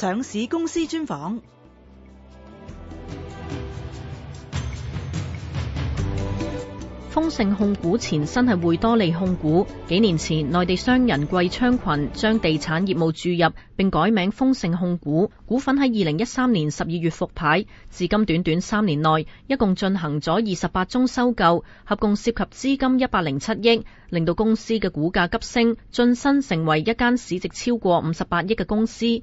上市公司專訪。豐盛控股前身係匯多利控股。幾年前，內地商人季昌群將地產業務注入，並改名豐盛控股。股份喺二零一三年十二月復牌，至今短短三年內，一共進行咗二十八宗收購，合共涉及資金一百零七億，令到公司嘅股價急升，晉身成為一間市值超過五十八億嘅公司。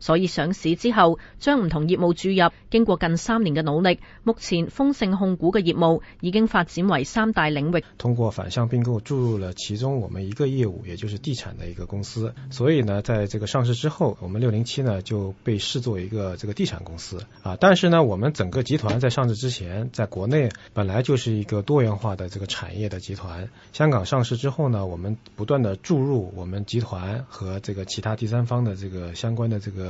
所以上市之後，將唔同業務注入，經過近三年嘅努力，目前豐盛控股嘅業務已經發展為三大領域。通過反向併購注入了其中我們一個業務，也就是地產的一個公司。所以呢，在這個上市之後，我們六零七呢就被視作一個這個地產公司。啊，但是呢，我們整個集團在上市之前，在國內本來就是一個多元化的這個產業的集團。香港上市之後呢，我們不斷的注入我們集團和這個其他第三方的這個相關的這個。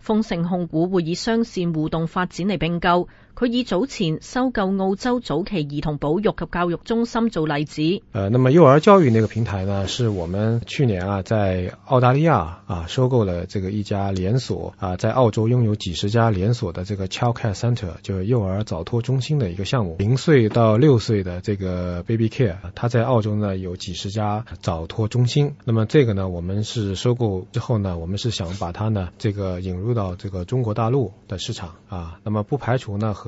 豐盛控股會以雙線互動發展嚟併購。佢以早前收購澳洲早期兒童保育及教育中心做例子。呃，那麼幼兒教育那個平台呢，是我們去年啊，在澳大利亞啊，收購了這個一家連鎖啊，在澳洲擁有幾十家連鎖的這個 Child Care Center，就是幼兒早托中心的一個項目。零歲到六歲的這個 Baby Care，啊，它在澳洲呢有幾十家早托中心。那麼這個呢，我們是收購之後呢，我們是想把它呢，這個引入到這個中國大陸的市場啊。那麼不排除呢和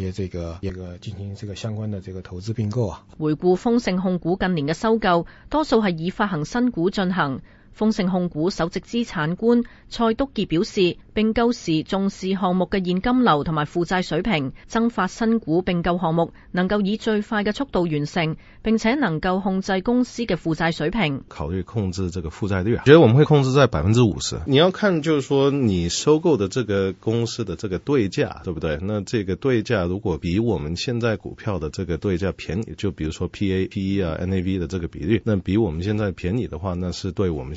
一些這個這個進行這個相關的這個投資併購啊。回顧豐盛控股近年嘅收購，多數係以發行新股進行。豐盛控股首席資產官蔡篤傑表示，併購時重視項目嘅現金流同埋負債水平，增發新股併購項目能夠以最快嘅速度完成，並且能夠控制公司嘅負債水平。考慮控制這個負債率，我覺得我們會控制在百分之五十。你要看，就是說你收購的這個公司的這個對價，對不對？那這個對價如果比我們現在股票的這個對價便宜，就比如說 P A、P E 啊、N A V 的這個比率，那比我們現在便宜的話，那是對我們。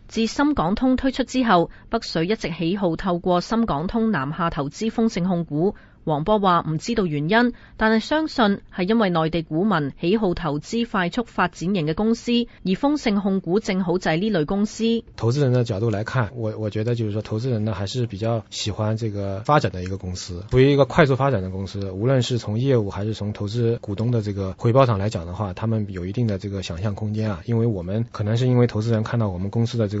自深港通推出之後，北水一直喜好透過深港通南下投資豐盛控股。王波話唔知道原因，但係相信係因為內地股民喜好投資快速發展型嘅公司，而豐盛控股正好就係呢類公司。投資人的角度來看，我我覺得就是說，投資人呢還是比較喜歡這個發展嘅一個公司，屬於一個快速發展的公司。無論是從業務還是從投資股東的這個回報上來講的話，他們有一定的這個想象空間啊。因為我們可能是因為投資人看到我們公司的這個。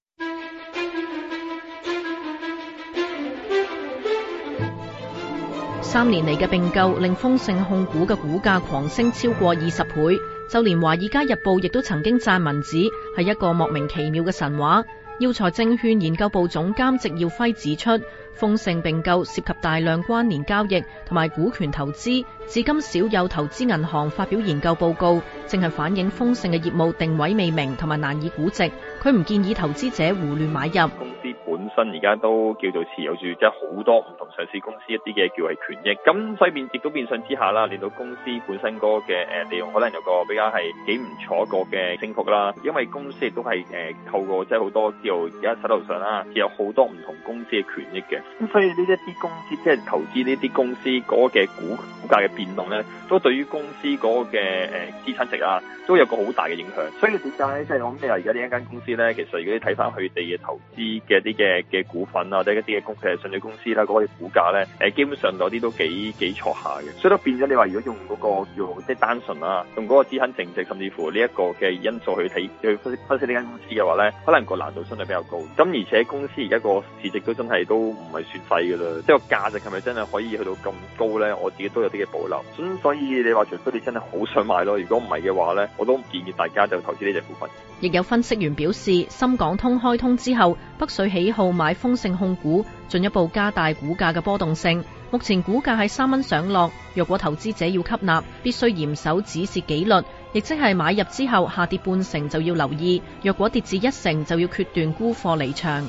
三年嚟嘅併購令豐盛控股嘅股價狂升超過二十倍，就連《華爾街日報》亦都曾經撰文指係一個莫名其妙嘅神話。耀才證券研究部總監席耀輝指出，豐盛併購涉及大量關聯交易同埋股權投資，至今少有投資銀行發表研究報告，正係反映豐盛嘅業務定位未明同埋難以估值。佢唔建議投資者胡亂買入。身而家都叫做持有住，即係好多唔同上市公司一啲嘅叫為權益。咁所以變亦都變相之下啦，令到公司本身個嘅誒利用可能有個比較係幾唔錯一個嘅升幅啦。因為公司亦都係誒透過即係好多叫而家手頭上啦，持有好多唔同公司嘅權益嘅。咁所以呢一啲公司即係投資呢啲公司個嘅股股價嘅變動咧，都對於公司個嘅誒資產值啊，都有個好大嘅影響。所以點解即係我諗你話而家呢一間公司咧，其實如果你睇翻佢哋嘅投資嘅啲嘅。嘅股份啊，或者一啲嘅公嘅上市公司啦，嗰個股價咧，誒，基本上嗰啲都幾幾錯下嘅，所以都變咗。你話如果用嗰個用即係單純啦，用嗰個資產淨值，甚至乎呢一個嘅因素去睇去分析分析呢間公司嘅話咧，可能個難度相對比較高。咁而且公司而家個市值都真係都唔係算細噶啦，即係個價值係咪真係可以去到咁高咧？我自己都有啲嘅保留。咁所以你話除非你真係好想買咯，如果唔係嘅話咧，我都唔建議大家就投資呢隻股份。亦有分析員表示，深港通開通之後。北水喜好買豐盛控股，進一步加大股價嘅波動性。目前股價喺三蚊上落，若果投資者要吸納，必須嚴守止蝕紀律，亦即係買入之後下跌半成就要留意，若果跌至一成就要決斷沽貨離場。